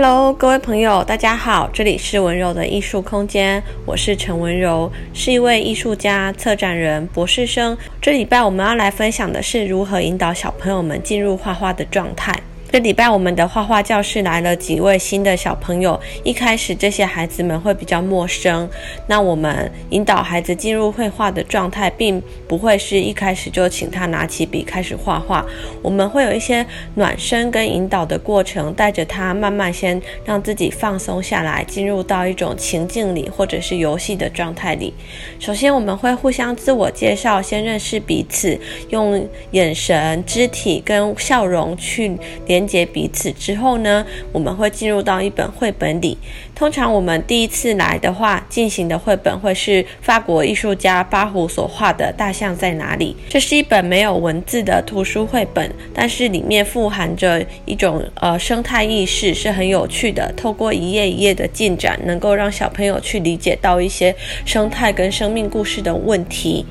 Hello，各位朋友，大家好，這裡是文柔的藝術空間，我是陳文柔，是一位藝術家、策展人、博士生。這禮拜我們要來分享的是如何引導小朋友們進入畫畫的狀態。這禮拜我們的畫畫教室來了幾位新的小朋友。一開始這些孩子們會比較陌生，那我們引導孩子進入繪畫的狀態，並不會是一開始就請他拿起筆開始畫畫。我們會有一些暖身跟引導的過程，帶着他慢慢先讓自己放鬆下來，進入到一種情境裡或者是遊戲的狀態裡。首先我們會互相自我介紹，先認識彼此，用眼神、肢體跟笑容去連連接彼此之後呢，我們會進入到一本繪本裡。通常我們第一次來的話，進行的繪本會是法國藝術家巴虎所畫的《大象在哪裡》。這是一本沒有文字的圖書繪本，但是裡面富含着一種呃生態意識，是很有趣的。透過一頁一頁的進展，能夠讓小朋友去理解到一些生態跟生命故事的問題。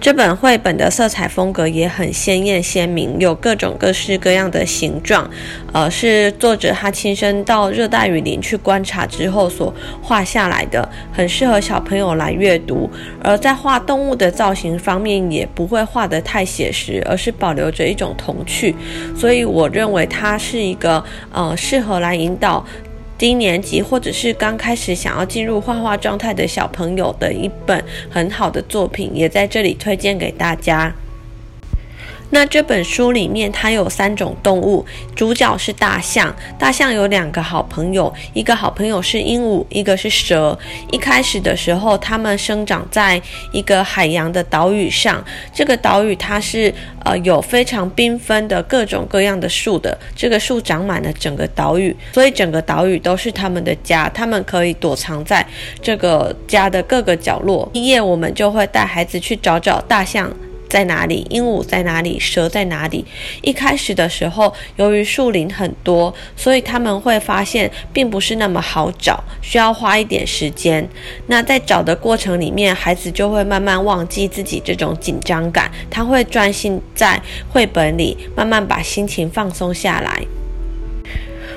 這本繪本的色彩風格也很鮮豔鮮明，有各種各式各樣的形狀，呃，是作者他親身到熱帶雨林去觀察之後所畫下來的，很適合小朋友來閱讀。而在畫動物的造型方面，也不會畫得太寫實，而是保留着一種童趣，所以我認為它是一個，呃，適合來引導低年級或者是剛開始想要進入畫畫狀態的小朋友的一本很好的作品，也在這裡推薦給大家。那這本書裡面，它有三種動物，主角是大象。大象有兩個好朋友，一個好朋友是鸚鵡，一個是蛇。一開始的時候，它們生長在一個海洋的島嶼上。這個島嶼它是呃有非常繽紛的各種各樣的樹的，這個樹長滿了整個島嶼，所以整個島嶼都是它們的家，它們可以躲藏在這個家的各個角落。今夜我們就會帶孩子去找找大象在哪裡？鸚鵡在哪裡？蛇在哪裡？一開始的時候，由於樹林很多，所以他們會發現並不是那麼好找，需要花一點時間。那在找的過程裡面，孩子就會慢慢忘記自己這種緊張感，他會專心在繪本裡，慢慢把心情放鬆下來。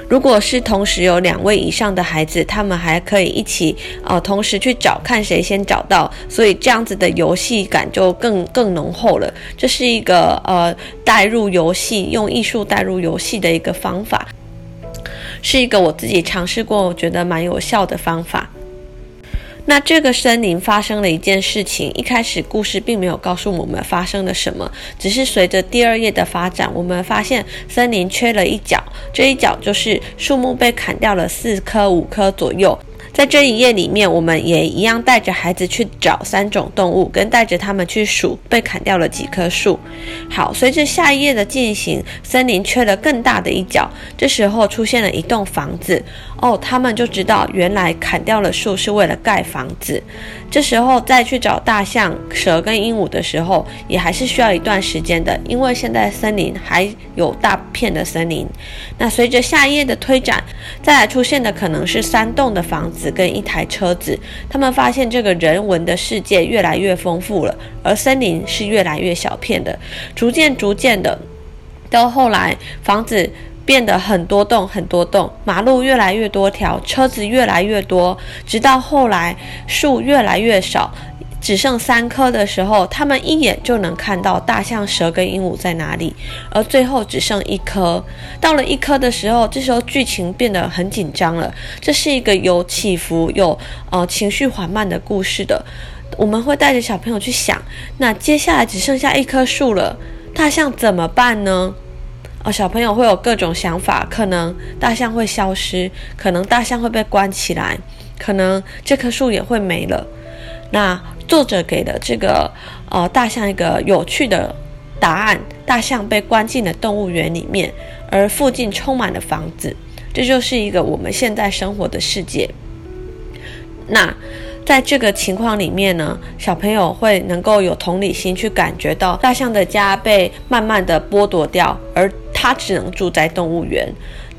如果是同時有兩位以上的孩子，他們還可以一起呃同時去找，看誰先找到，所以這樣子的遊戲感就更更濃厚了。這是一個呃，帶入遊戲，用藝術帶入遊戲的一個方法，是一個我自己嘗試過，我覺得蠻有效的方法。那這個森林發生了一件事情，一開始故事並沒有告訴我們發生了什麼，只是隨着第二頁的發展，我們發現森林缺了一角，這一角就是樹木被砍掉了四棵、五棵左右。在這一頁裡面，我們也一樣帶着孩子去找三種動物，跟帶着他們去數被砍掉了幾棵樹。好，隨着下一頁的進行，森林缺了更大的一角，這時候出現了一棟房子。哦，他們就知道原來砍掉了樹是為了蓋房子。這時候再去找大象、蛇跟鸚鵡的時候，也還是需要一段時間的，因為現在森林還有大片的森林。那隨着下一頁的推展，再來出現的可能是三棟的房子跟一台車子。他們發現這個人文的世界越來越豐富了，而森林是越來越小片的，逐漸逐漸的，到後來房子，變得很多棟，很多棟，馬路越來越多條，車子越來越多，直到後來樹越來越少，只剩三棵的時候，他們一眼就能看到大象、蛇跟鸚鵡在哪裡。而最後只剩一棵，到了一棵的時候，這時候劇情變得很緊張了。這是一個有起伏、有呃情緒緩慢的故事的。我們會帶着小朋友去想，那接下來只剩下一棵樹了，大象怎麼辦呢？哦，小朋友會有各種想法，可能大象會消失，可能大象會被關起來，可能這棵樹也會沒了。那作者給了這個呃大象一個有趣的答案：大象被關進了動物園裡面，而附近充滿了房子，這就是一個我們現在生活的世界。那。在這個情況裡面呢，小朋友會能夠有同理心去感覺到大象的家被慢慢的剝奪掉，而他只能住在動物園。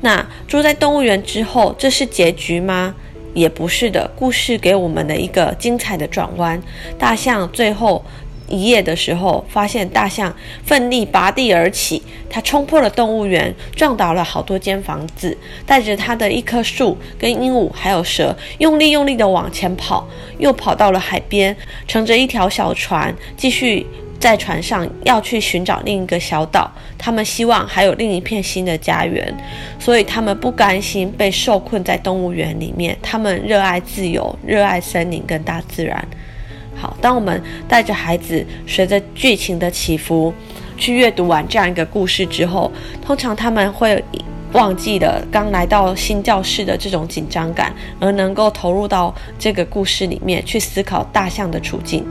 那住在動物園之後，這是結局嗎？也不是的，故事給我們的一個精彩的轉彎。大象最後。一夜的時候，發現大象奮力拔地而起，它衝破了動物園，撞倒了好多間房子，帶着它的一棵樹、跟鸚鵡還有蛇，用力用力的往前跑，又跑到了海邊，乘着一條小船，繼續在船上要去尋找另一個小島。他們希望還有另一片新的家園，所以他們不甘心被受困在動物園裡面，他們熱愛自由，熱愛森林跟大自然。好，當我們帶着孩子隨着劇情的起伏去閱讀完這樣一個故事之後，通常他們會忘記了剛來到新教室的這種緊張感，而能夠投入到這個故事裡面去思考大象的處境。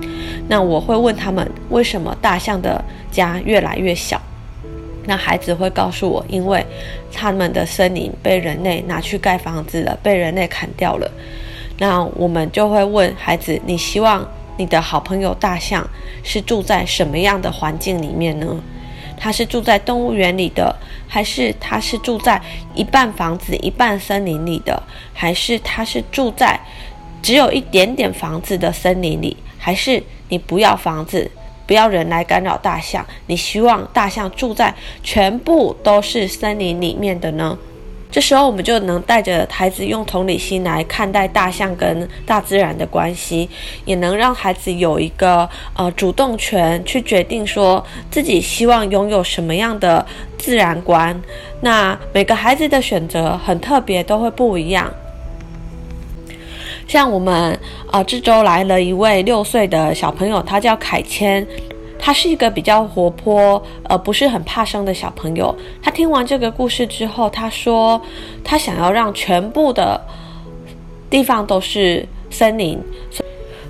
那我會問他們，為什麼大象的家越來越小？那孩子會告訴我，因為他們的森林被人類拿去蓋房子了，被人類砍掉了。那我們就會問孩子，你希望……你的好朋友大象是住在什麼樣的環境裡面呢？他是住在動物園裡的，還是他是住在一半房子一半森林裡的，還是他是住在只有一點點房子的森林裡？還是你不要房子，不要人來干擾大象，你希望大象住在全部都是森林裡面的呢？這時候，我們就能帶着孩子用同理心來看待大象跟大自然的關係，也能讓孩子有一個呃主動權去決定說自己希望擁有什麼樣的自然觀。那每個孩子的選擇很特別，都會不一樣。像我們啊、呃，這周來了一位六歲的小朋友，他叫凱謙。他是一個比較活潑，呃，不是很怕生的小朋友。他聽完這個故事之後，他說，他想要讓全部的地方都是森林。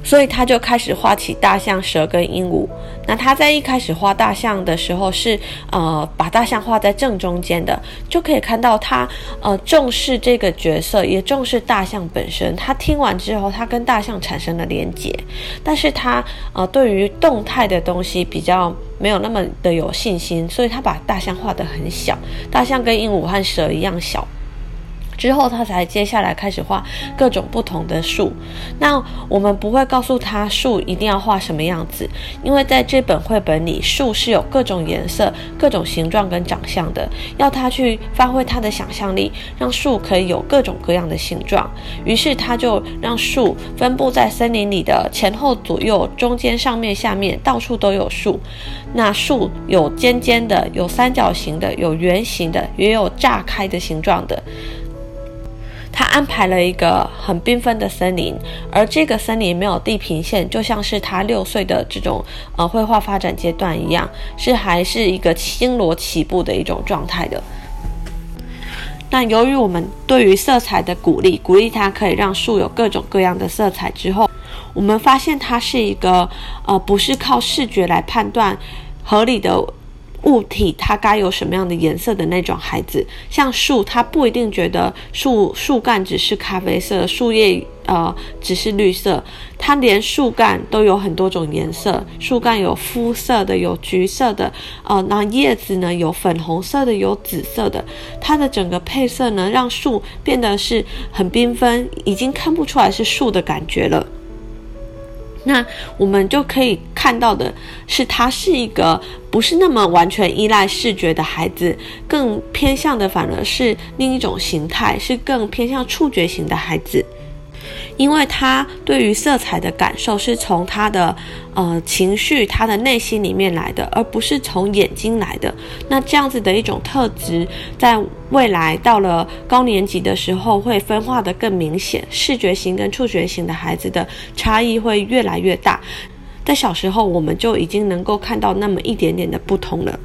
所以他就開始畫起大象、蛇跟鸚鵡。那他在一開始畫大象的時候是，呃，把大象畫在正中間的，就可以看到他，呃，重視這個角色，也重視大象本身。他聽完之後，他跟大象產生了連結，但是他，呃，對於動態的東西比較沒有那麼的有信心，所以他把大象畫得很小，大象跟鸚鵡和蛇一樣小。之後，他才接下來開始畫各種不同的樹。那我們不會告訴他樹一定要畫什麼樣子，因為在這本繪本裡，樹是有各種顏色、各種形狀跟長相的。要他去發揮他的想象力，讓樹可以有各種各樣的形狀。於是他就讓樹分布在森林裡的前後左右、中間、上面、下面，到處都有樹。那樹有尖尖的，有三角形的，有圓形的，也有炸開的形狀的。他安排了一個很繽紛的森林，而這個森林沒有地平線，就像是他六歲的這種呃繪畫發展階段一樣，是還是一個星羅棋布的一種狀態的。但由於我們對於色彩的鼓勵，鼓勵他可以讓樹有各種各樣的色彩之後，我們發現它是一個呃不是靠視覺來判斷合理的。物體它該有什麼樣的顏色的那種孩子，像樹，他不一定覺得樹樹幹只是咖啡色，樹葉呃只是綠色，它連樹幹都有很多種顏色，樹幹有膚色的，有橘色的，呃，那葉子呢有粉紅色的，有紫色的，它的整個配色呢讓樹變得是很繽紛，已經看不出來是樹的感覺了。那我們就可以看到的是，他是一個不是那麼完全依賴視覺的孩子，更偏向的反而是另一種形態，是更偏向觸覺型的孩子。因為他對於色彩的感受是從他的，呃，情緒、他的內心裡面來的，而不是從眼睛來的。那這樣子的一種特質，在未來到了高年級的時候，會分化得更明顯，視覺型跟觸覺型的孩子的差異會越來越大。在小時候，我們就已經能夠看到那麼一點點的不同了。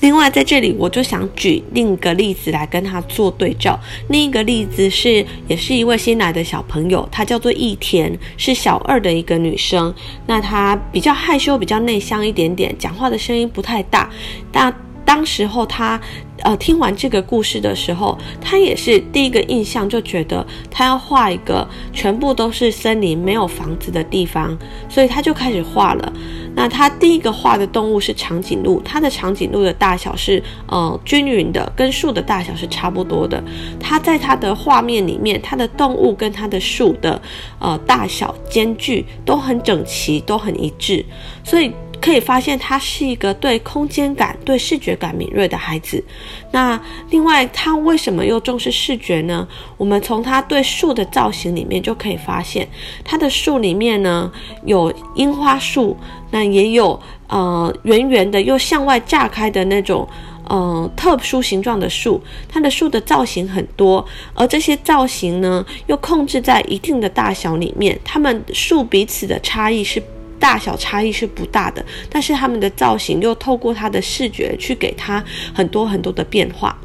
另外，在這裡我就想舉另一個例子，來跟他做對照。另一個例子是，也是一位新來的小朋友，她叫做易田，是小二的一個女生。那她比較害羞，比較內向一點點，講話的聲音不太大。但當時候他，呃，聽完這個故事的時候，他也是第一個印象就覺得他要畫一個全部都是森林沒有房子的地方，所以他就開始畫了。那他第一個畫的動物是長頸鹿，他的長頸鹿的大小是呃均勻的，跟樹的大小是差不多的。他在他的畫面裡面，他的動物跟他的樹的呃大小間距都很整齊，都很一致，所以。可以發現，他是一個對空間感、對視覺感敏銳的孩子。那另外，他為什麼又重視視覺呢？我們從他對樹的造型裡面就可以發現，他的樹裡面呢有櫻花樹，那也有呃圓圓的又向外炸開的那種呃特殊形狀的樹。他的樹的造型很多，而這些造型呢又控制在一定的大小裡面，他們樹彼此的差異是。大小差異是不大的，但是他們的造型又透過他的視覺去給他很多很多的變化。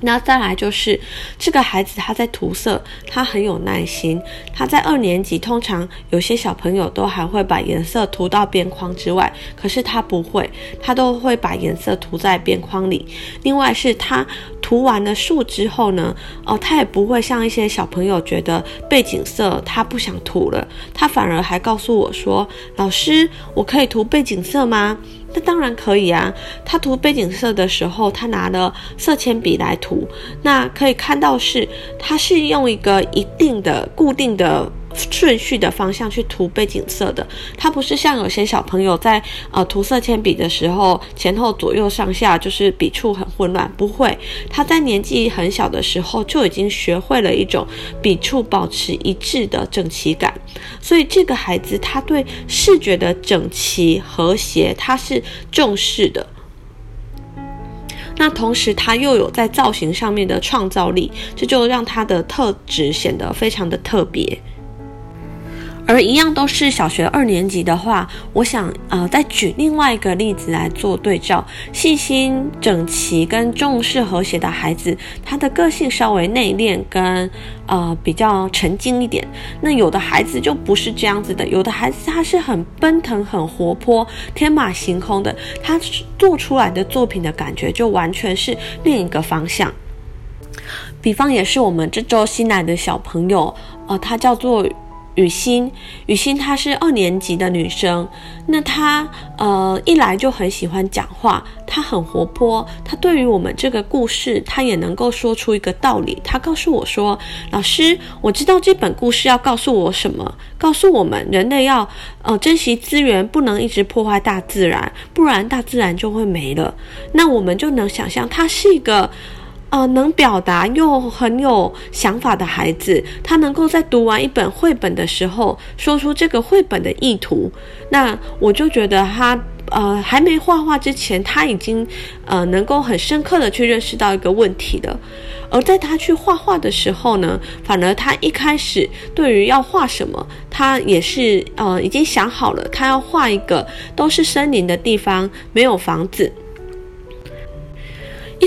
那再來就是這個孩子，他在塗色，他很有耐心。他在二年級，通常有些小朋友都還會把顏色塗到邊框之外，可是他不會，他都會把顏色塗在邊框裡。另外是，他塗完了樹之後呢，哦，他也不會像一些小朋友覺得背景色他不想塗了，他反而還告訴我說：“老師，我可以塗背景色嗎？”那當然可以啊！他塗背景色的時候，他拿了色鉛筆來塗，那可以看到是，他是用一個一定的固定的順序的方向去塗背景色的，他不是像有些小朋友在呃塗色鉛筆的時候，前後左右上下就是筆觸很混亂。不會，他在年紀很小的時候就已經學會了一種筆觸保持一致的整齊感。所以這個孩子他對視覺的整齊和諧他是重視的。那同時他又有在造型上面的創造力，這就讓他的特質顯得非常的特別。而一樣都是小學二年級的話，我想呃再舉另外一個例子來做對照。細心、整齊、跟重視和諧的孩子，他的個性稍微內斂跟，跟呃比較沉靜一點。那有的孩子就不是這樣子的，有的孩子他是很奔騰、很活潑、天馬行空的，他做出來的作品的感覺就完全是另一個方向。比方也是我們這周新來的小朋友，呃，他叫做。雨欣，雨欣她是二年級的女生，那她呃一來就很喜歡講話，她很活潑，她對於我們這個故事，她也能夠說出一個道理。她告訴我說：“老師，我知道這本故事要告訴我什麼，告訴我們人類要呃珍惜資源，不能一直破壞大自然，不然大自然就會沒了。”那我們就能想象，她是一個。呃，能表達又很有想法的孩子，他能夠在讀完一本繪本的時候，說出這個繪本的意圖，那我就覺得他，呃，還沒畫畫之前，他已經，呃，能夠很深刻的去認識到一個問題了。而在他去畫畫的時候呢，反而他一開始對於要畫什麼，他也是，呃，已經想好了，他要畫一個都是森林的地方，沒有房子。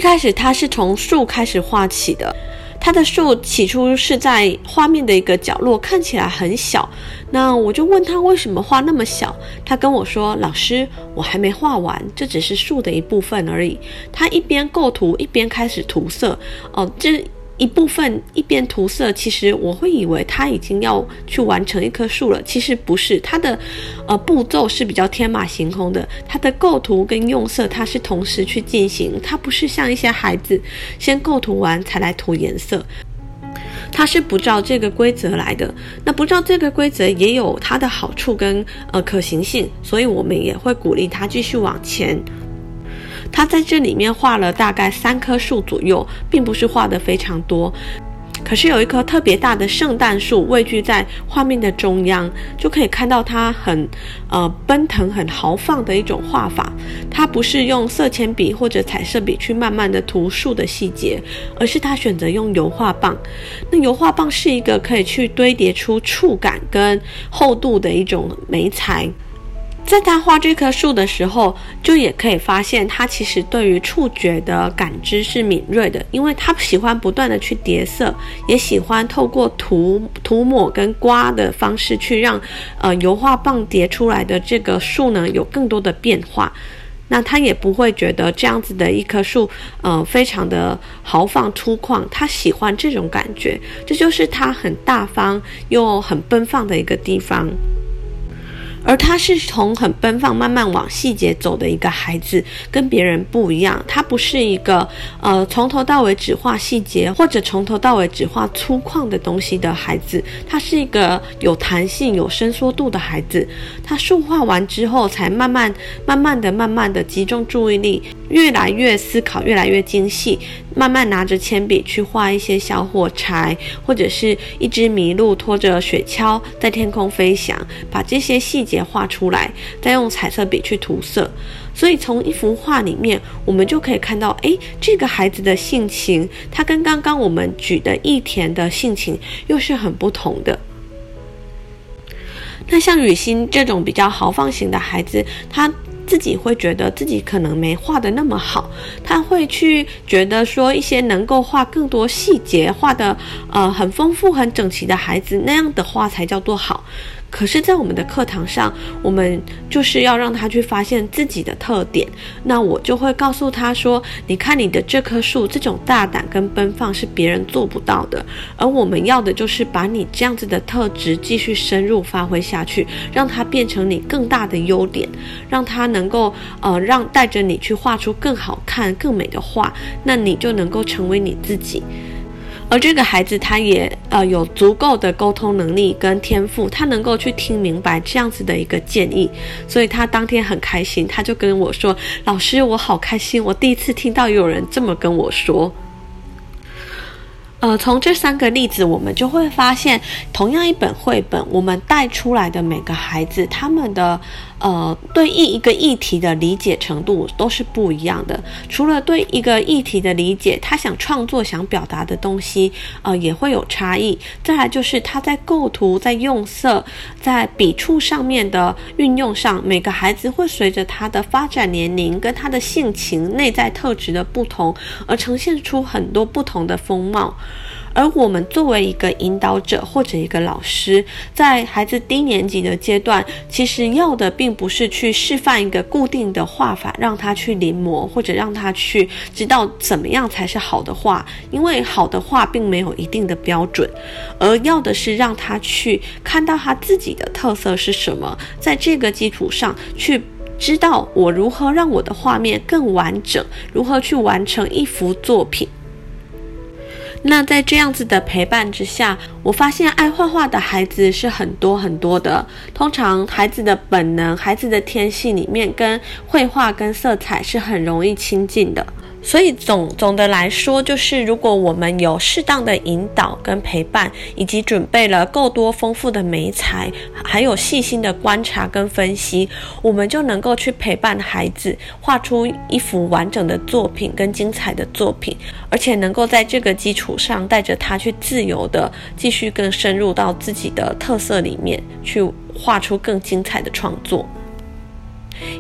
開始他是從樹開始畫起的，他的樹起初是在畫面的一個角落，看起來很小。那我就問他為什麼畫那麼小，他跟我說：“老師，我還沒畫完，這只是樹的一部分而已。”他一邊構圖，一邊開始塗色。哦，這。一部分一邊塗色，其實我會以為他已經要去完成一棵樹了。其實不是，他的呃步驟是比較天馬行空的。他的構圖跟用色，他是同時去進行，他不是像一些孩子先構圖完才來塗顏色。他是不照這個規則來的。那不照這個規則也有他的好處跟呃可行性，所以我們也會鼓勵他繼續往前。他在這裡面畫了大概三棵樹左右，並不是畫的非常多，可是有一棵特別大的聖誕樹位居在畫面的中央，就可以看到它很呃奔騰、很豪放的一種畫法。他不是用色鉛筆或者彩色筆去慢慢的塗樹的細節，而是他選擇用油畫棒。那油畫棒是一個可以去堆疊出觸感跟厚度的一種媒材。在他畫這棵樹的時候，就也可以發現，他其實對於觸覺的感知是敏銳的，因為他喜歡不斷的去疊色，也喜歡透過塗塗抹跟刮的方式去讓，呃，油畫棒疊出來的這個樹呢，有更多的變化。那他也不會覺得這樣子的一棵樹，呃，非常的豪放粗獷，他喜歡這種感覺，這就是他很大方又很奔放的一個地方。而他是從很奔放，慢慢往細節走的一個孩子，跟別人不一樣。他不是一個，呃，從頭到尾只畫細節，或者從頭到尾只畫粗獷的東西的孩子。他是一個有彈性、有伸縮度的孩子。他速畫完之後，才慢慢、慢慢的、慢慢的集中注意力，越來越思考，越來越精細。慢慢拿着鉛筆去畫一些小火柴，或者是一隻麋鹿拖着雪橇在天空飛翔，把這些細節畫出來，再用彩色筆去塗色。所以從一幅畫裡面，我們就可以看到，哎，這個孩子的性情，他跟剛剛我們舉的易田的性情又是很不同的。那像雨欣這種比較豪放型的孩子，他。自己會覺得自己可能沒畫的那麼好，他會去覺得說一些能夠畫更多細節、畫的呃很豐富、很整齊的孩子，那樣的畫才叫做好。可是，在我們的課堂上，我們就是要讓他去發現自己的特點。那我就會告訴他說：“你看，你的這棵樹，這種大膽跟奔放是別人做不到的。而我們要的就是把你這樣子的特質繼續深入發揮下去，讓它變成你更大的優點，讓它能夠呃，讓帶着你去畫出更好看、更美的畫。那你就能夠成為你自己。”而這個孩子他也呃有足夠的溝通能力跟天賦，他能夠去聽明白這樣子的一個建議，所以他當天很開心，他就跟我說：“老師，我好開心，我第一次聽到有人這麼跟我說。”呃，從這三個例子，我們就會發現，同樣一本繪本，我們帶出來的每個孩子，他們的。呃，對一一個議題的理解程度都是不一樣的。除了對一個議題的理解，他想創作、想表達的東西，呃，也會有差異。再來就是他在構圖、在用色、在筆觸上面的運用上，每個孩子會隨着他的發展年齡、跟他的性情、內在特質的不同，而呈現出很多不同的風貌。而我們作為一個引導者或者一個老師，在孩子低年級的階段，其實要的並不是去示範一個固定的畫法，讓他去臨摹，或者讓他去知道怎麼樣才是好的畫。因為好的畫並沒有一定的標準，而要的是讓他去看到他自己的特色是什麼，在這個基礎上去知道我如何讓我的畫面更完整，如何去完成一幅作品。那在這樣子的陪伴之下，我發現愛畫畫的孩子是很多很多的。通常孩子的本能、孩子的天性裡面，跟繪畫跟色彩是很容易親近的。所以總，總總的來說，就是如果我們有適當的引導跟陪伴，以及準備了夠多豐富的媒材，還有細心的觀察跟分析，我們就能夠去陪伴孩子畫出一幅完整的作品跟精彩的作品，而且能夠在這個基礎上帶着他去自由的繼續更深入到自己的特色裡面，去畫出更精彩的創作。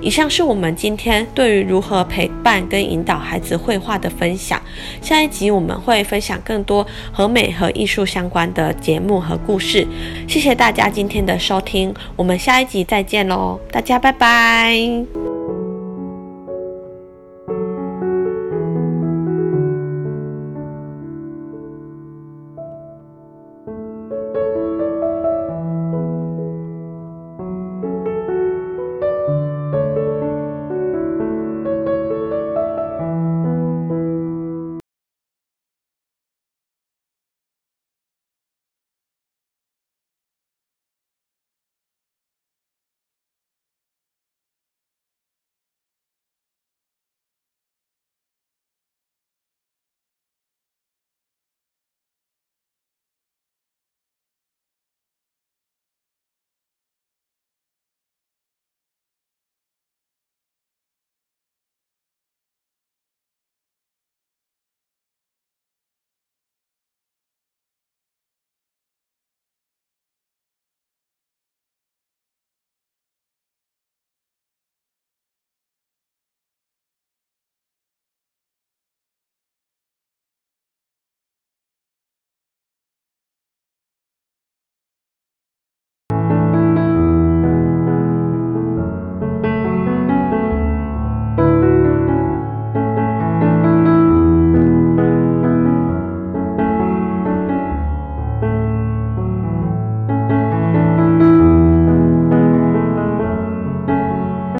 以上是我們今天對於如何陪伴跟引導孩子繪畫的分享。下一集我們會分享更多和美和藝術相關的節目和故事。謝謝大家今天的收聽，我們下一集再見嘍，大家拜拜。